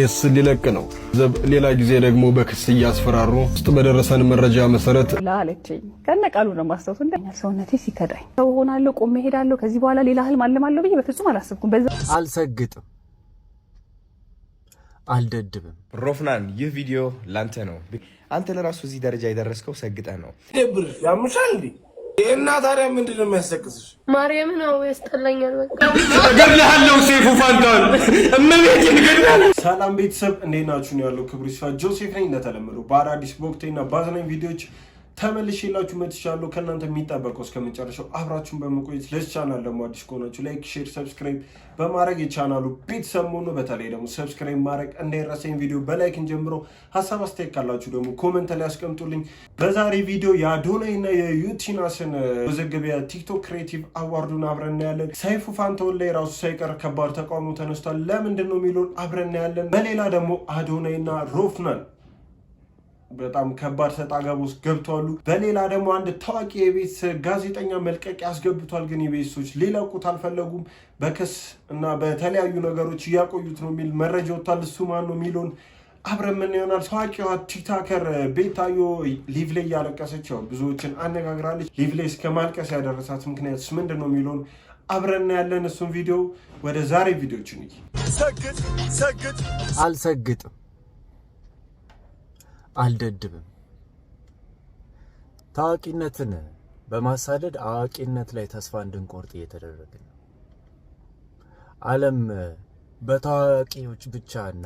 ክስ ሊለቅ ነው። ሌላ ጊዜ ደግሞ በክስ እያስፈራሩ ውስጥ በደረሰን መረጃ መሰረት ላለችኝ ቃሉ ነው ማስታወሱ እንደኛ ሰውነቴ ሲከዳኝ ሰው ሆናለሁ፣ ቆሜ እሄዳለሁ። ከዚህ በኋላ ሌላ ህልም አለማለሁ ብዬ በፍጹም አላሰብኩም። በዛ አልሰግጥም፣ አልደድብም። ሮፍናን ይህ ቪዲዮ ላንተ ነው። አንተ ለራሱ እዚህ ደረጃ የደረስከው ሰግጠ ነው። ደብር ያምሻል እንዴ? እና ታዲያ ምንድን ነው የሚያስለቅስሽ? ማርያም ነው ያስጠላኛል። በቃ እገድልሃለሁ፣ ሴፉ ፋንታውን እመቤት እገድልሃለሁ። ሰላም ቤተሰብ እንዴት ናችሁ? ነው ያለው ክብሩ ይስፋ ጆሴፍ ነኝ። እንደተለመደው በአዳዲስ በወቅታዊና በአዝናኝ ቪዲዮዎች ተመልሼላችሁ መጥቻለሁ። ከእናንተ የሚጠበቀው እስከ መጨረሻው አብራችሁን በመቆየት ለቻናል ደግሞ አዲስ ከሆናችሁ ላይክ፣ ሼር፣ ሰብስክራይብ በማድረግ የቻናሉ ቤተሰብ መሆኑ በተለይ ደግሞ ሰብስክራይብ ማድረግ እንዳይረሳኝ። ቪዲዮ በላይክን ጀምሮ ሀሳብ አስተያየት ካላችሁ ደግሞ ኮመንት ላይ ያስቀምጡልኝ። በዛሬ ቪዲዮ የአዶናይ እና የዩቲናስን መዘገቢያ ቲክቶክ ክሬቲቭ አዋርዱን አብረን እናያለን። ሰይፉ ፋንታሁን ላይ ራሱ ሳይቀር ከባድ ተቃውሞ ተነስቷል። ለምንድን ነው የሚለውን አብረን እናያለን። በሌላ ደግሞ አዶናይ እና ሮፍናን በጣም ከባድ ሰጥ አገባ ውስጥ ገብተዋሉ። በሌላ ደግሞ አንድ ታዋቂ የቤት ጋዜጠኛ መልቀቂያ ያስገብቷል፣ ግን የቤሶች ሊለቁት አልፈለጉም። በክስ እና በተለያዩ ነገሮች እያቆዩት ነው የሚል መረጃ ወጥቷል። እሱ ማን ነው የሚለውን አብረን ምን ይሆናል። ታዋቂዋ ቲክታከር ቤታዮ ሊቭ ላይ እያለቀሰች ያው ብዙዎችን አነጋግራለች። ሊቭ ላይ እስከ ማልቀስ ያደረሳት ምክንያት ምንድን ነው የሚለውን አብረና ያለን እሱን ቪዲዮ ወደ ዛሬ ቪዲዮችን ሰግጥ ሰግጥ አልሰግጥም አልደድብም። ታዋቂነትን በማሳደድ አዋቂነት ላይ ተስፋ እንድንቆርጥ እየተደረገ ነው። ዓለም በታዋቂዎች ብቻና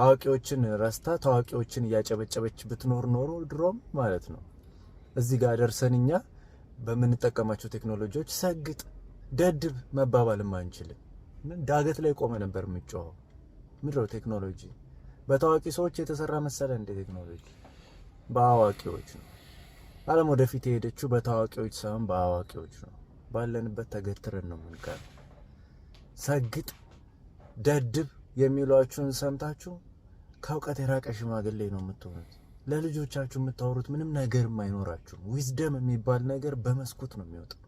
አዋቂዎችን ረስታ ታዋቂዎችን እያጨበጨበች ብትኖር ኖሮ ድሮም ማለት ነው እዚህ ጋር ደርሰን እኛ በምንጠቀማቸው ቴክኖሎጂዎች ሰግጥ፣ ደድብ መባባልም አንችልም። ዳገት ላይ ቆመ ነበር የምጮኸው ምድረው ቴክኖሎጂ በታዋቂ ሰዎች የተሰራ መሰለ እንደ ቴክኖሎጂ በአዋቂዎች ነው። ዓለም ወደፊት የሄደችው በታዋቂዎች ሳይሆን በአዋቂዎች ነው። ባለንበት ተገትረን ነው ምንቀር። ሰግጥ ደድብ የሚሏችሁን ሰምታችሁ ከእውቀት የራቀ ሽማግሌ ነው የምትሆኑት። ለልጆቻችሁ የምታወሩት ምንም ነገርም አይኖራችሁም። ዊዝደም የሚባል ነገር በመስኮት ነው የሚወጣው።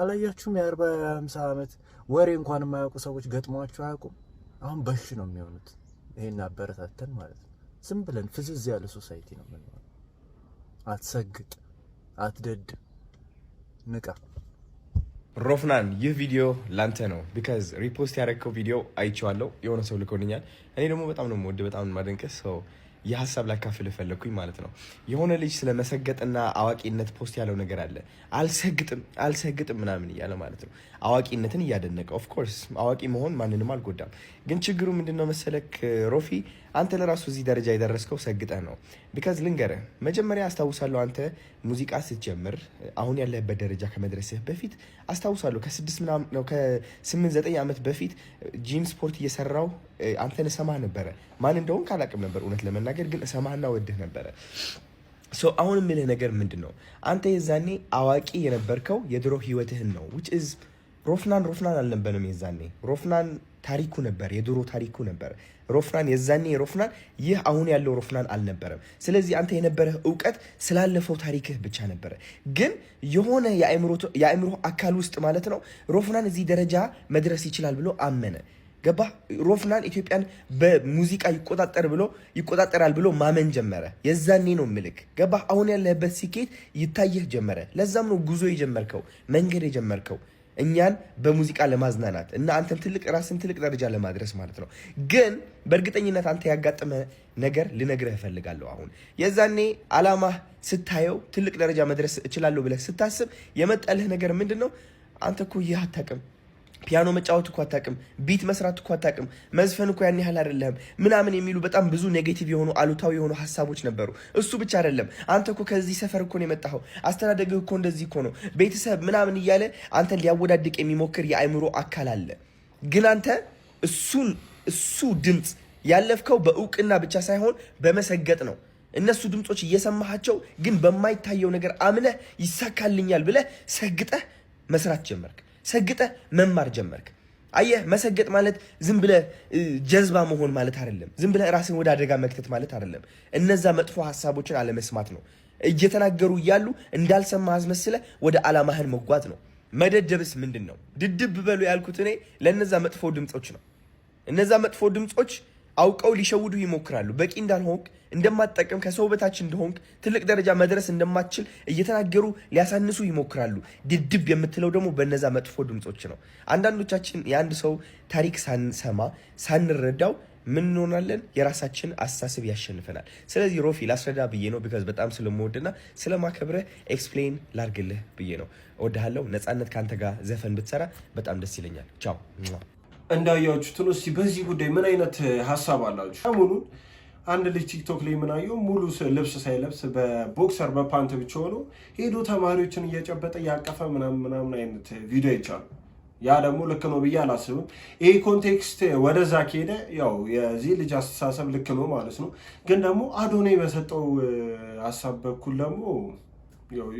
አላያችሁም? የአርባ የሀምሳ ዓመት ወሬ እንኳን የማያውቁ ሰዎች ገጥሟችሁ አያውቁም። አሁን በሽ ነው የሚሆኑት። ይሄን አበረታተን ማለት ነው። ዝም ብለን ፍዝዝ ያለ ሶሳይቲ ነው የምንሆነው። አትሰግጥ፣ አትደድ፣ ንቃ። ሮፍናን ይህ ቪዲዮ ላንተ ነው። ቢካዝ ሪፖስት ያደረግከው ቪዲዮ አይቼዋለሁ፣ የሆነ ሰው ልኮልኛል። እኔ ደግሞ በጣም ነው የምወድ፣ በጣም ማደንቀስ ሰው የሀሳብ ላካፍል ፈለግኩኝ ማለት ነው። የሆነ ልጅ ስለ መሰገጥና አዋቂነት ፖስት ያለው ነገር አለ። አልሰግጥም አልሰግጥም ምናምን እያለ ማለት ነው። አዋቂነትን እያደነቀ ኦፍኮርስ አዋቂ መሆን ማንንም አልጎዳም። ግን ችግሩ ምንድነው መሰለክ ሮፊ፣ አንተ ለራሱ እዚህ ደረጃ የደረስከው ሰግጠህ ነው። ቢካዝ ልንገርህ፣ መጀመሪያ አስታውሳለሁ አንተ ሙዚቃ ስትጀምር አሁን ያለህበት ደረጃ ከመድረስህ በፊት አስታውሳለሁ ከስድስት ምናምን ከስምንት ዘጠኝ ዓመት በፊት ጂም ስፖርት እየሰራው አንተን ሰማህ ነበረ። ማን እንደሆን ካላቅም ነበር እውነት ለመና ነገር ግን እሰማህና ወድህ ነበረ። አሁን የምልህ ነገር ምንድን ነው? አንተ የዛኔ አዋቂ የነበርከው የድሮ ህይወትህን ነው። ዊች ኢዝ ሮፍናን ሮፍናን አልነበረም የዛኔ። ሮፍናን ታሪኩ ነበር፣ የድሮ ታሪኩ ነበር ሮፍናን የዛኔ ሮፍናን ይህ አሁን ያለው ሮፍናን አልነበረም። ስለዚህ አንተ የነበረህ እውቀት ስላለፈው ታሪክህ ብቻ ነበረ። ግን የሆነ የአእምሮ አካል ውስጥ ማለት ነው ሮፍናን እዚህ ደረጃ መድረስ ይችላል ብሎ አመነ። ገባ ሮፍናን ኢትዮጵያን በሙዚቃ ይቆጣጠር ብሎ ይቆጣጠራል ብሎ ማመን ጀመረ። የዛኔ ነው ምልክ ገባ አሁን ያለህበት ስኬት ይታየህ ጀመረ። ለዛም ነው ጉዞ የጀመርከው መንገድ የጀመርከው እኛን በሙዚቃ ለማዝናናት እና አንተም ትልቅ ራስን ትልቅ ደረጃ ለማድረስ ማለት ነው። ግን በእርግጠኝነት አንተ ያጋጠመ ነገር ልነግረህ እፈልጋለሁ። አሁን የዛኔ አላማ ስታየው ትልቅ ደረጃ መድረስ እችላለሁ ብለህ ስታስብ የመጣልህ ነገር ምንድን ነው? አንተ እኮ ይህ አታውቅም ፒያኖ መጫወት እኮ አታውቅም፣ ቢት መስራት እኮ አታውቅም፣ መዝፈን እኮ ያን ያህል አይደለም ምናምን የሚሉ በጣም ብዙ ኔጌቲቭ የሆኑ አሉታዊ የሆኑ ሀሳቦች ነበሩ። እሱ ብቻ አይደለም፣ አንተ እኮ ከዚህ ሰፈር እኮ ነው የመጣኸው፣ አስተዳደግህ እኮ እንደዚህ እኮ ነው፣ ቤተሰብ ምናምን እያለ አንተን ሊያወዳድቅ የሚሞክር የአእምሮ አካል አለ። ግን አንተ እሱን እሱ ድምፅ ያለፍከው በእውቅና ብቻ ሳይሆን በመሰገጥ ነው። እነሱ ድምፆች እየሰማሃቸው ግን በማይታየው ነገር አምነህ ይሳካልኛል ብለህ ሰግጠህ መስራት ጀመርክ። ሰግጠ መማር ጀመርክ። አየህ መሰገጥ ማለት ዝም ብለ ጀዝባ መሆን ማለት አይደለም። ዝም ብለ ራስን ወደ አደጋ መክተት ማለት አይደለም። እነዛ መጥፎ ሀሳቦችን አለመስማት ነው። እየተናገሩ እያሉ እንዳልሰማ አስመስለ ወደ አላማህን መጓዝ ነው። መደደብስ ምንድን ነው? ድድብ በሉ ያልኩት እኔ ለእነዛ መጥፎ ድምፆች ነው። እነዛ መጥፎ ድምፆች አውቀው ሊሸውዱ ይሞክራሉ። በቂ እንዳልሆንክ እንደማትጠቅም ከሰው በታች እንደሆንክ ትልቅ ደረጃ መድረስ እንደማትችል እየተናገሩ ሊያሳንሱ ይሞክራሉ። ድድብ የምትለው ደግሞ በነዛ መጥፎ ድምፆች ነው። አንዳንዶቻችን የአንድ ሰው ታሪክ ሳንሰማ ሳንረዳው ምን እንሆናለን? የራሳችን አስተሳሰብ ያሸንፈናል። ስለዚህ ሮፊ ላስረዳ ብዬ ነው፣ ቢካዝ በጣም ስለምወድና ስለማከብረህ ኤክስፕሌን ላርግልህ ብዬ ነው። እወድሃለሁ። ነፃነት ከአንተ ጋር ዘፈን ብትሰራ በጣም ደስ ይለኛል። ቻው እንዳያችሁት ነው። እስኪ በዚህ ጉዳይ ምን አይነት ሀሳብ አላችሁ? ሰሞኑን አንድ ልጅ ቲክቶክ ላይ የምናየው ሙሉ ልብስ ሳይለብስ በቦክሰር በፓንት ብቻ ሆኖ ሄዶ ተማሪዎችን እየጨበጠ እያቀፈ ምናምን ምናምን አይነት ቪዲዮ ይቻሉ። ያ ደግሞ ልክ ነው ብዬ አላስብም። ይህ ኮንቴክስት ወደዛ ከሄደ ያው የዚህ ልጅ አስተሳሰብ ልክ ነው ማለት ነው። ግን ደግሞ አዶኔ በሰጠው ሀሳብ በኩል ደግሞ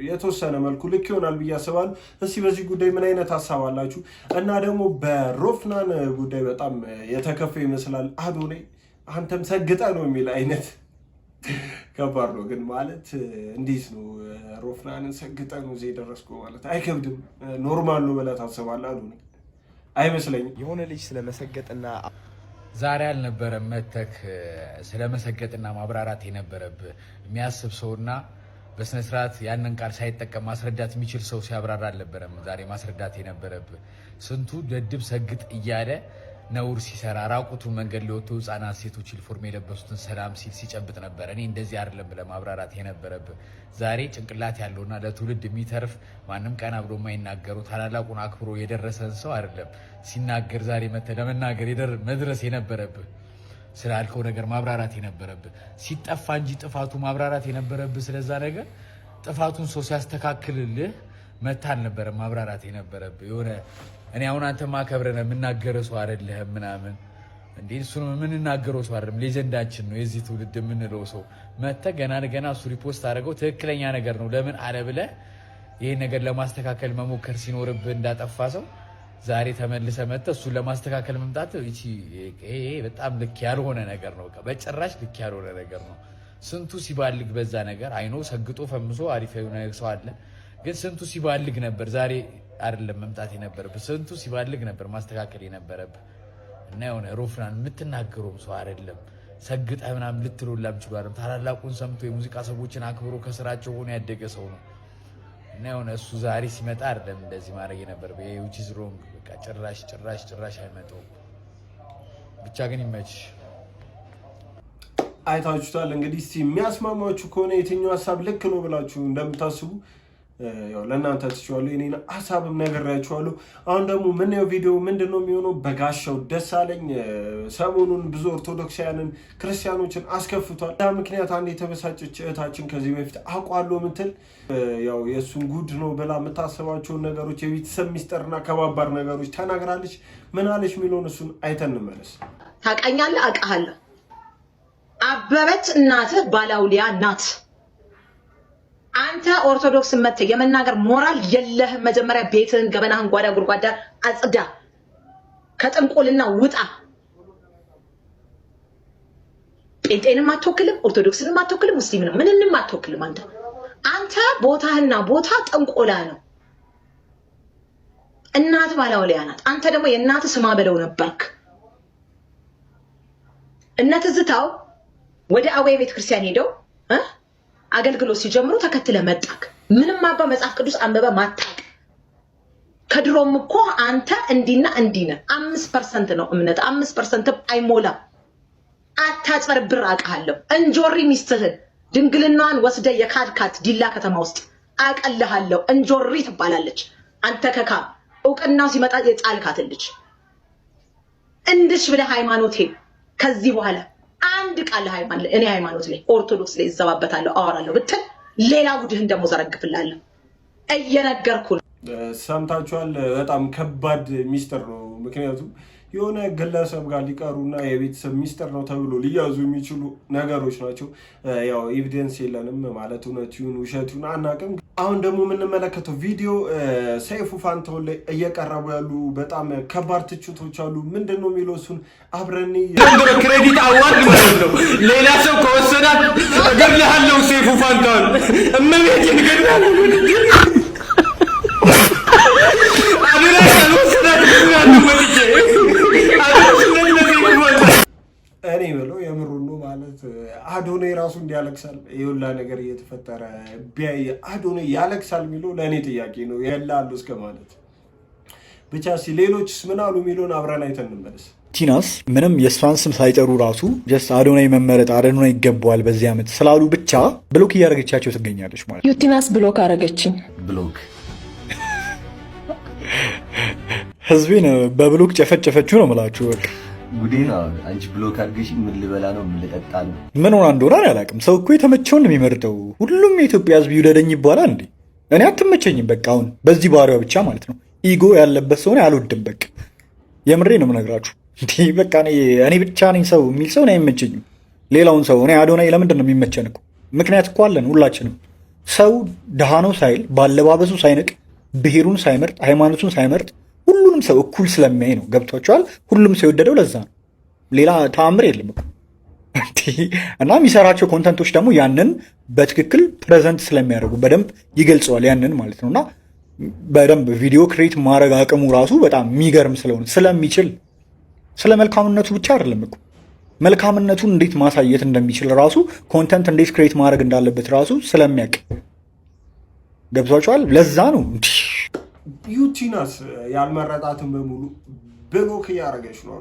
የተወሰነ መልኩ ልክ ይሆናል ብዬ አስባለሁ። እስቲ በዚህ ጉዳይ ምን አይነት ሀሳብ አላችሁ? እና ደግሞ በሮፍናን ጉዳይ በጣም የተከፈ ይመስላል አዶናይ አንተም ሰግጠ ነው የሚል አይነት ከባድ ነው ግን ማለት እንዴት ነው ሮፍናንን ሰግጠ ነው እዚህ የደረስኩ ማለት አይከብድም። ኖርማል ነው ብለህ ታስባለህ አዶናይ? አይመስለኝም። የሆነ ልጅ ስለመሰገጥና ዛሬ አልነበረም መተክ ስለመሰገጥና ማብራራት የነበረብህ የሚያስብ ሰውና በስነ ስርዓት ያንን ቃል ሳይጠቀም ማስረዳት የሚችል ሰው ሲያብራራ አልነበረም ዛሬ ማስረዳት የነበረብ። ስንቱ ደድብ ሰግጥ እያለ ነውር ሲሰራ ራቁቱን መንገድ ለወጡ ህፃናት፣ ሴቶች ዩኒፎርም የለበሱትን ሰላም ሲል ሲጨብጥ ነበር። እኔ እንደዚህ አይደለም ብለህ ማብራራት የነበረብ። ዛሬ ጭንቅላት ያለውና ለትውልድ የሚተርፍ ማንም ቀና ብሎ የማይናገረው ታላላቁን አክብሮ የደረሰን ሰው አይደለም ሲናገር ዛሬ መተህ ለመናገር መድረስ የነበረብህ ስላልከው ነገር ማብራራት የነበረብህ ሲጠፋ እንጂ ጥፋቱ ማብራራት የነበረብህ ስለዛ ነገር ጥፋቱን ሰው ሲያስተካክልልህ መታ አልነበረም ማብራራት የነበረብህ የሆነ እኔ አሁን አንተ ማከብረን የምናገረ ሰው አይደለህም ምናምን እንዴ እሱ የምንናገረው ሰው አይደለም። ሌጀንዳችን ነው የዚህ ትውልድ የምንለው ሰው መተ ገና ገና እሱ ሪፖስት አድርገው ትክክለኛ ነገር ነው ለምን አለ ብለህ ይህን ነገር ለማስተካከል መሞከር ሲኖርብህ እንዳጠፋ ሰው ዛሬ ተመልሰ መጥተህ እሱን ለማስተካከል መምጣት በጣም ልክ ያልሆነ ነገር ነው። በጭራሽ ልክ ያልሆነ ነገር ነው። ስንቱ ሲባልግ በዛ ነገር አይኖ ሰግጦ ፈምሶ አሪፍ የሆነ ሰው አለ፣ ግን ስንቱ ሲባልግ ነበር። ዛሬ አይደለም መምጣት የነበረብህ፣ ስንቱ ሲባልግ ነበር ማስተካከል የነበረብህ እና የሆነ ሮፍናን የምትናገረውም ሰው አይደለም። ሰግጠ ምናምን ልትሎላም ችሏለም። ታላላቁን ሰምቶ የሙዚቃ ሰዎችን አክብሮ ከስራቸው ሆኖ ያደገ ሰው ነው እና የሆነ እሱ ዛሬ ሲመጣ አይደለም እንደዚህ ማድረግ የነበረብህ ዊች ኢዝ ሮንግ በቃ ጭራሽ ጭራሽ ጭራሽ አይመጡም። ብቻ ግን ይመች። አይታችሁታል እንግዲህ። እስኪ የሚያስማማችሁ ከሆነ የትኛው ሀሳብ ልክ ነው ብላችሁ እንደምታስቡ ለእናንተ ትችዋለሁ የኔን ሀሳብም ነግሬያችኋለሁ። አሁን ደግሞ ምናየው ቪዲዮ ምንድን ነው የሚሆነው? በጋሻው ደሳለኝ ሰሞኑን ብዙ ኦርቶዶክሳውያንን ክርስቲያኖችን አስከፍቷል። ያ ምክንያት አንድ የተበሳጨች እህታችን ከዚህ በፊት አውቋለሁ የምትል ያው የእሱን ጉድ ነው ብላ የምታስባቸውን ነገሮች የቤተሰብ ሚስጥርና ከባባር ነገሮች ተናግራለች። ምን አለች የሚለውን እሱን አይተን እንመለስ። ታውቃኛለህ፣ አውቃሃለሁ። አበበች እናትህ ባላውሊያ ናት። አንተ ኦርቶዶክስ መተ የመናገር ሞራል የለህም። መጀመሪያ ቤትህን፣ ገበናህን፣ ጓዳ ጉድጓዳ አጽዳ፣ ከጥንቆልና ውጣ። ጴንጤንም አትወክልም፣ ኦርቶዶክስንም አትወክልም፣ ሙስሊምንም ምንንም አትወክልም። አንተ አንተ ቦታህና ቦታ ጥንቆላ ነው። እናት ባላውሊያ ናት። አንተ ደግሞ የእናት ስማ በለው ነበርክ። እነ ትዝታው ወደ አዌ ቤተክርስቲያን ሄደው አገልግሎት ሲጀምሩ ተከትለ መጣክ። ምንም አባ መጽሐፍ ቅዱስ አንበበ ማታቅ። ከድሮም እኮ አንተ እንዲና እንዲነ አምስት ፐርሰንት ነው እምነት አምስት ፐርሰንትም አይሞላም። አታጭበርብር አውቃለሁ። እንጆሪ ሚስትህን ድንግልናዋን ወስደ የካድካት ዲላ ከተማ ውስጥ አቀልሃለሁ። እንጆሪ ትባላለች። አንተ ከካ እውቅናው ሲመጣ የጻልካትልች እንድሽ ብለ ሃይማኖቴ ከዚህ በኋላ አንድ ቃል እኔ ሃይማኖት ላይ ኦርቶዶክስ ላይ ይዘባበታለሁ አወራለሁ ብትል ሌላ ቡድህን ደግሞ ዘረግፍላለሁ። እየነገርኩ ነው። ሰምታችኋል። በጣም ከባድ ሚስጥር ነው። ምክንያቱም የሆነ ግለሰብ ጋር ሊቀሩና የቤተሰብ ሚስጥር ነው ተብሎ ሊያዙ የሚችሉ ነገሮች ናቸው። ያው ኤቪደንስ የለንም ማለት እውነት ይሁን ውሸት ይሁን አናውቅም። አሁን ደግሞ የምንመለከተው ቪዲዮ ሰይፉ ፋንታሁን ላይ እየቀረቡ ያሉ በጣም ከባድ ትችቶች አሉ። ምንድን ነው የሚለው እሱን አብረን ክሬዲት አዋርድ ማለት ነው። ሌላ ሰው ከወሰዳት እገድልሃለሁ ሰይፉ ፋንታሁን እመቤት ይንገድላለ አዶኔ ራሱ እንዲያለቅሳል የሁላ ነገር እየተፈጠረ ቢያይ አዶኔ ያለቅሳል የሚለው ለእኔ ጥያቄ ነው። ያላሉ እስከ ማለት ብቻ ሲ ሌሎችስ ምን አሉ የሚለውን አብረን አይተን እንመለስ። ቲናስ ምንም የእሷን ስም ሳይጠሩ ራሱ ጀስት አዶናይ መመረጥ አዶናይ ይገባዋል በዚህ ዓመት ስላሉ ብቻ ብሎክ እያደረገቻቸው ትገኛለች ማለት ነው። ቲናስ ብሎክ አረገችኝ። ብሎክ ህዝቤን በብሎክ ጨፈጨፈችው ነው የምላችሁ በቃ ጉዴ ነው። አንቺ ብሎክ አድርገሽኝ ምን ልበላ ነው? ምን ልጠጣ ነው? ምን ሆና እንደሆነ አላውቅም። ሰው እኮ የተመቸውን ነው የሚመርጠው። ሁሉም የኢትዮጵያ ሕዝብ ይውደደኝ ይባላል እንዴ? እኔ አትመቸኝም። በቃ አሁን በዚህ ባህሪዋ ብቻ ማለት ነው። ኢጎ ያለበት ሰው እኔ አልወድም። በቃ የምሬ ነው የምነግራችሁ። እንዲህ በቃ እኔ ብቻ ነኝ ሰው የሚል ሰው እኔ አይመቸኝም። ሌላውን ሰው እኔ አዶናይ ለምንድን ነው የሚመቸን? እኮ ምክንያት እኮ አለን ሁላችንም። ሰው ድሃ ነው ሳይል፣ ባለባበሱ ሳይንቅ፣ ብሔሩን ሳይመርጥ፣ ሃይማኖቱን ሳይመርጥ ሁሉንም ሰው እኩል ስለሚያይ ነው። ገብቷቸዋል። ሁሉም ሰው የወደደው ለዛ ነው። ሌላ ተአምር የለም። እና የሚሰራቸው ኮንተንቶች ደግሞ ያንን በትክክል ፕሬዘንት ስለሚያደርጉ በደንብ ይገልጸዋል። ያንን ማለት ነው እና በደንብ ቪዲዮ ክሬት ማድረግ አቅሙ ራሱ በጣም የሚገርም ስለሆነ ስለሚችል ስለ መልካምነቱ ብቻ አይደለም እኮ መልካምነቱን እንዴት ማሳየት እንደሚችል ራሱ ኮንተንት እንዴት ክሬት ማድረግ እንዳለበት ራሱ ስለሚያውቅ ገብቷቸዋል። ለዛ ነው እንዲህ ዩቲናስ ያልመረጣትን በሙሉ ብሎክ እያደረገች ነው።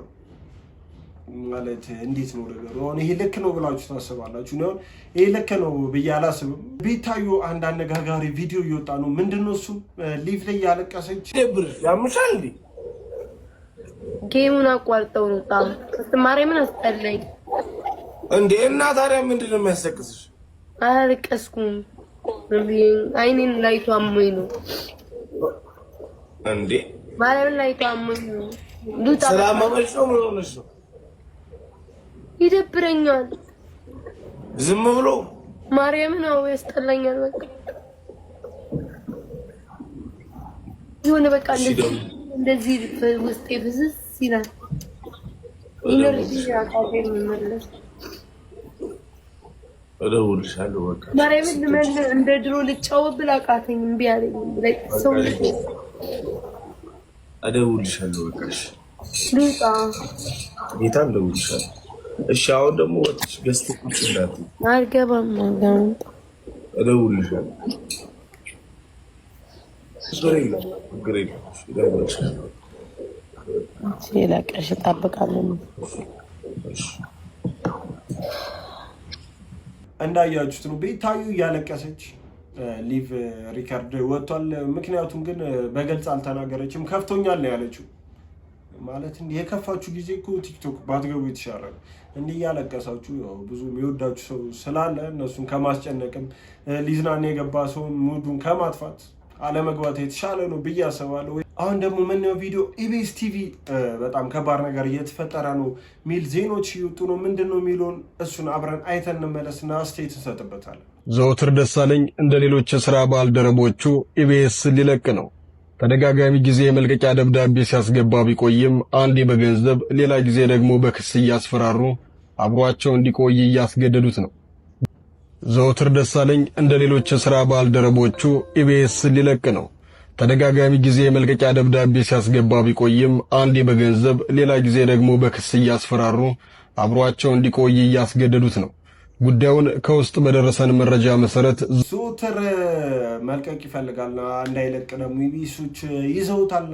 ማለት እንዴት ነው ነገሩ? አሁን ይሄ ልክ ነው ብላችሁ ታስባላችሁ? ሆን ይሄ ልክ ነው ብዬ አላስብም። ቤታዩ አንድ አነጋጋሪ ቪዲዮ እየወጣ ነው። ምንድን ነው እሱ? ሊቭ ላይ ያለቀሰች ደብር ያምሻል እንዴ? ጌሙን አቋርጠው ነው ጣም ስትማሪ ምን አስጠለኝ እንዴ? እና ታዲያ ምንድን ነው የሚያስለቅስሽ? አላለቀስኩም። አይኔን ላይቷ አሞኝ ነው እንዴ ማርያም ላይ ታሙኝ ሉጣ ስላመመሽ ምን ሆነሽ ነው? ይደብረኛል። ዝም ብሎ ማርያም ነው ያስጠላኛል። በቃ የሆነ በቃ እንደዚህ እንደዚህ ውስጤ ፍዝዝ ይላል። ኢነርጂ ያቃተኝ መለስ እደውልልሻለሁ። በቃ ማርያምን እንደ ድሮ ልጫወት ብላ ቃተኝ እምቢ አለኝ። ሰው እደውልልሻለሁ። በቃ ጌታ እደውልልሻለሁ። እሺ፣ አሁን ደግሞ ወጥሽ ገዝቶ ቁጭ እንዳት አልገባም። እደውልልሻለሁ። ችግር እጠብቃለሁ። እንዳያችሁት ነው ቤታዩ እያለቀሰች ሊቭ ሪከርድ ወጥቷል። ምክንያቱም ግን በግልጽ አልተናገረችም። ከፍቶኛል ነው ያለችው። ማለት እንዲህ የከፋችሁ ጊዜ እኮ ቲክቶክ ባትገቡ የተሻለ ነው። እንዲህ እያለቀሳችሁ ብዙ የሚወዳችሁ ሰው ስላለ እነሱን ከማስጨነቅም ሊዝናን የገባ ሰውን ሙዱን ከማጥፋት አለመግባት የተሻለ ነው ብዬ አስባለሁ። አሁን ደግሞ የምናየው ቪዲዮ ኢቢኤስ ቲቪ በጣም ከባድ ነገር እየተፈጠረ ነው ሚል ዜኖች እየወጡ ነው። ምንድን ነው የሚለውን እሱን አብረን አይተን እንመለስና አስተያየት እንሰጥበታለን። ዘወትር ደሳለኝ እንደ ሌሎች የስራ ባልደረቦቹ ኢቢኤስ ሊለቅ ነው። ተደጋጋሚ ጊዜ የመልቀቂያ ደብዳቤ ሲያስገባ ቢቆይም አንዴ በገንዘብ ሌላ ጊዜ ደግሞ በክስ እያስፈራሩ አብሯቸው እንዲቆይ እያስገደዱት ነው። ዘወትር ደሳለኝ እንደ ሌሎች የሥራ ባልደረቦቹ ኢቢኤስ ሊለቅ ነው። ተደጋጋሚ ጊዜ የመልቀቂያ ደብዳቤ ሲያስገባ ቢቆይም አንዴ በገንዘብ ሌላ ጊዜ ደግሞ በክስ እያስፈራሩ አብሯቸው እንዲቆይ እያስገደዱት ነው። ጉዳዩን ከውስጥ በደረሰን መረጃ መሰረት ዞትር መልቀቅ ይፈልጋል፣ እንዳይለቅ ደግሞ ኢቢኤሶች ይዘውታል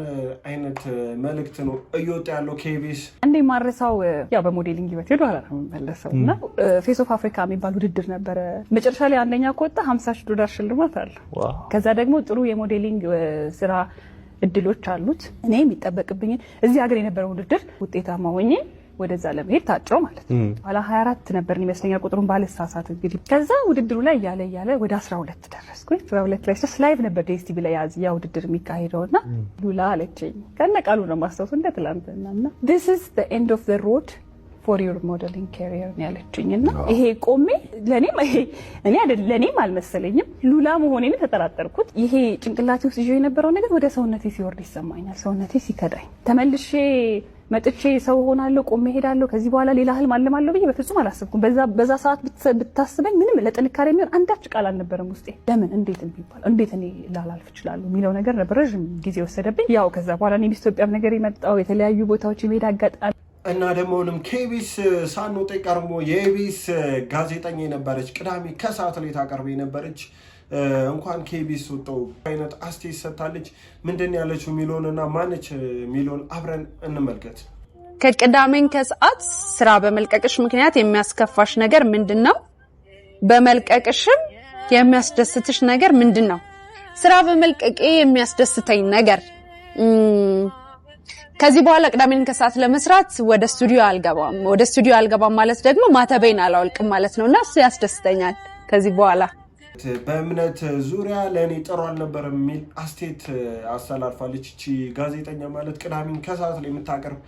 አይነት መልእክት ነው እየወጣ ያለው ከቤስ አንዴ ማረሳው ያው በሞዴሊንግ ህይወት ሄዶ ኋላ ነው የሚመለሰው እና ፌስ ኦፍ አፍሪካ የሚባል ውድድር ነበረ። መጨረሻ ላይ አንደኛ ከወጣ ሀምሳ ሺህ ዶላር ሽልማት አለ። ከዛ ደግሞ ጥሩ የሞዴሊንግ ስራ እድሎች አሉት። እኔ የሚጠበቅብኝን እዚህ ሀገር የነበረው ውድድር ውጤታማ ሆኜ ወደዛ ለመሄድ ታጭሮ ማለት ነው። ኋላ 24 ነበር ይመስለኛል ቁጥሩን ባለሳሳት እንግዲህ ከዛ ውድድሩ ላይ እያለ እያለ ወደ 12 ደረስኩኝ። 12 ላይ ስደርስ ላይቭ ነበር ዴስቲቪ ላይ ያዝ ያ ውድድር የሚካሄደው እና ሉላ አለችኝ። ከነ ቃሉ ነው ማስታወሱ እንደ ትላንትና እና ዲስ ኢዝ ዘ ኤንድ ኦፍ ዘ ሮድ ፎር ዮር ሞዴሊንግ ካሪየር ያለችኝ እና ይሄ ቆሜ ለእኔም ይሄ እኔ አይደለም ለእኔም አልመሰለኝም ሉላ መሆኔን ተጠራጠርኩት። ይሄ ጭንቅላቴ ውስጥ ይዤ የነበረው ነገር ወደ ሰውነቴ ሲወርድ ይሰማኛል፣ ሰውነቴ ሲከዳኝ ተመልሼ መጥቼ ሰው ሆናለሁ፣ ቆሜ እሄዳለሁ፣ ከዚህ በኋላ ሌላ ህልም አለማለሁ ብዬ በፍጹም አላሰብኩም። በዛ ሰዓት ብታስበኝ ምንም ለጥንካሬ የሚሆን አንዳች ቃል አልነበረም ውስጤ። ለምን እንዴት የሚባል እንዴት እኔ ላላልፍ እችላለሁ የሚለው ነገር ነበር ረዥም ጊዜ ወሰደብኝ። ያው ከዛ በኋላ እኔ ኢትዮጵያም ነገር የመጣው የተለያዩ ቦታዎች የመሄድ አጋጣሚ እና ደግሞንም ከኢቢኤስ ሳንወጣ ቀርሞ የኢቢኤስ ጋዜጠኛ የነበረች ቅዳሜ ከሰዓት ላይ ታቀርብ የነበረች እንኳን ኬቢስ ወጣው አይነት አስተያየት ሰጥታለች። ምንድን ያለችው የሚለውን እና ማነች የሚለውን አብረን እንመልከት። ከቅዳሜን ከሰዓት ስራ በመልቀቅሽ ምክንያት የሚያስከፋሽ ነገር ምንድን ነው? በመልቀቅሽም የሚያስደስትሽ ነገር ምንድን ነው? ስራ በመልቀቄ የሚያስደስተኝ ነገር ከዚህ በኋላ ቅዳሜን ከሰዓት ለመስራት ወደ ስቱዲዮ አልገባም። ወደ ስቱዲዮ አልገባም ማለት ደግሞ ማተበይን አላወልቅም ማለት ነውና እሱ ያስደስተኛል ከዚህ በኋላ በእምነት ዙሪያ ለእኔ ጥሩ አልነበረም የሚል አስቴት አስተላልፋለች። እቺ ጋዜጠኛ ማለት ቅዳሜን ከሰዓት ላይ የምታቀርብ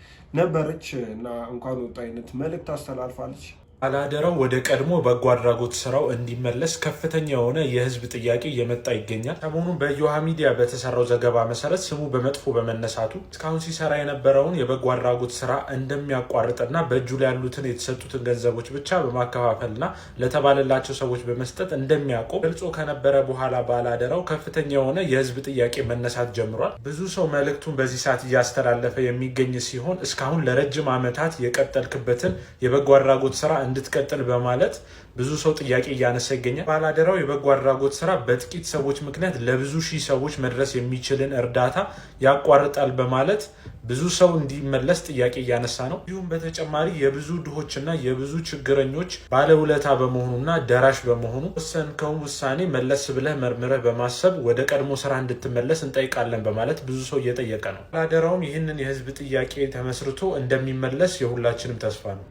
ነበረች እና እንኳን ወጣ አይነት መልእክት አስተላልፋለች። ባላደራው ወደ ቀድሞ በጎ አድራጎት ስራው እንዲመለስ ከፍተኛ የሆነ የህዝብ ጥያቄ እየመጣ ይገኛል። ሰሞኑን በዮሃ ሚዲያ በተሰራው ዘገባ መሰረት ስሙ በመጥፎ በመነሳቱ እስካሁን ሲሰራ የነበረውን የበጎ አድራጎት ስራ እንደሚያቋርጥና በእጁ ላይ ያሉትን የተሰጡትን ገንዘቦች ብቻ በማከፋፈልና ለተባለላቸው ሰዎች በመስጠት እንደሚያቆም ገልጾ ከነበረ በኋላ ባላደራው ከፍተኛ የሆነ የህዝብ ጥያቄ መነሳት ጀምሯል። ብዙ ሰው መልእክቱን በዚህ ሰዓት እያስተላለፈ የሚገኝ ሲሆን እስካሁን ለረጅም ዓመታት የቀጠልክበትን የበጎ አድራጎት ስራ እንድትቀጥል በማለት ብዙ ሰው ጥያቄ እያነሳ ይገኛል። ባላደራው የበጎ አድራጎት ስራ በጥቂት ሰዎች ምክንያት ለብዙ ሺህ ሰዎች መድረስ የሚችልን እርዳታ ያቋርጣል በማለት ብዙ ሰው እንዲመለስ ጥያቄ እያነሳ ነው። እንዲሁም በተጨማሪ የብዙ ድሆችና የብዙ ችግረኞች ባለውለታ በመሆኑና ደራሽ በመሆኑ ወሰንከውን ውሳኔ መለስ ብለህ መርምረህ በማሰብ ወደ ቀድሞ ስራ እንድትመለስ እንጠይቃለን በማለት ብዙ ሰው እየጠየቀ ነው። ባላደራውም ይህንን የህዝብ ጥያቄ ተመስርቶ እንደሚመለስ የሁላችንም ተስፋ ነው።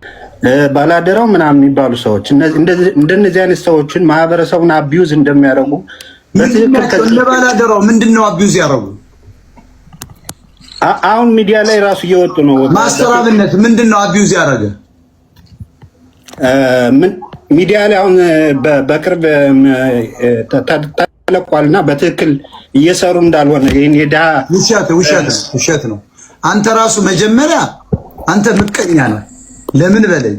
ባላደራው ምናምን የሚባሉ ሰዎች እንደነዚህ አይነት ሰዎችን ማህበረሰቡን አቢዩዝ እንደሚያደርጉ ለባላደራው ምንድን ነው አቢዩዝ ያደረጉ? አሁን ሚዲያ ላይ ራሱ እየወጡ ነው። ማስተራብነት ምንድን ነው አቢዩዝ ያደረገ? ሚዲያ ላይ አሁን በቅርብ ተለቋልና በትክክል እየሰሩ እንዳልሆነ ይህን የድሃ ውሸት ውሸት ውሸት ነው። አንተ ራሱ መጀመሪያ አንተ ምቀኛ ነው። ለምን በለኝ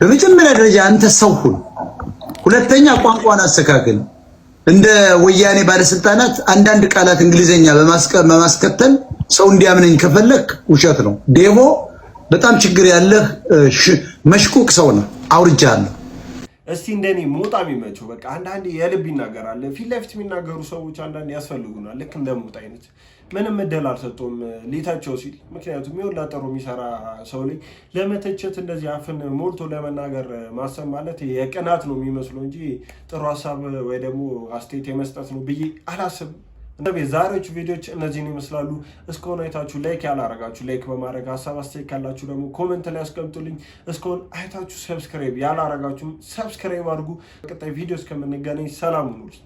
በመጀመሪያ ደረጃ አንተ ሰው ሁን። ሁለተኛ ቋንቋን አስተካክል። እንደ ወያኔ ባለስልጣናት አንዳንድ ቃላት እንግሊዘኛ በማስከተል ሰው እንዲያምነኝ ከፈለክ ውሸት ነው። ዴቦ በጣም ችግር ያለህ መሽቁቅ ሰው ነው። አውርጃለሁ። እስቲ እንደኔ ሞጣ የሚመቸው በቃ አንዳንዴ የልብ ይናገራል። ፊት ለፊት የሚናገሩ ሰዎች አንዳንዴ ያስፈልጉናል። ልክ እንደ ሞጣ አይነት ምንም እድል አልሰጠውም ሌታቸው ሲል ምክንያቱም የወላ የሚሰራ ሰው ላይ ለመተቸት እንደዚህ አፍን ሞልቶ ለመናገር ማሰብ ማለት የቅናት ነው የሚመስለው እንጂ ጥሩ ሀሳብ ወይ ደግሞ አስቴት የመስጠት ነው ብዬ አላስብም። የዛሬዎቹ ቪዲዮዎች እነዚህን ይመስላሉ። እስካሁን አይታችሁ ላይክ ያላረጋችሁ ላይክ በማድረግ ሀሳብ አስተያየት ካላችሁ ደግሞ ኮመንት ላይ አስቀምጡልኝ። እስካሁን አይታችሁ ሰብስክራይብ ያላረጋችሁም ሰብስክራይብ አድርጉ። በቀጣይ ቪዲዮ እስከምንገናኝ ሰላም ሁኑልኝ።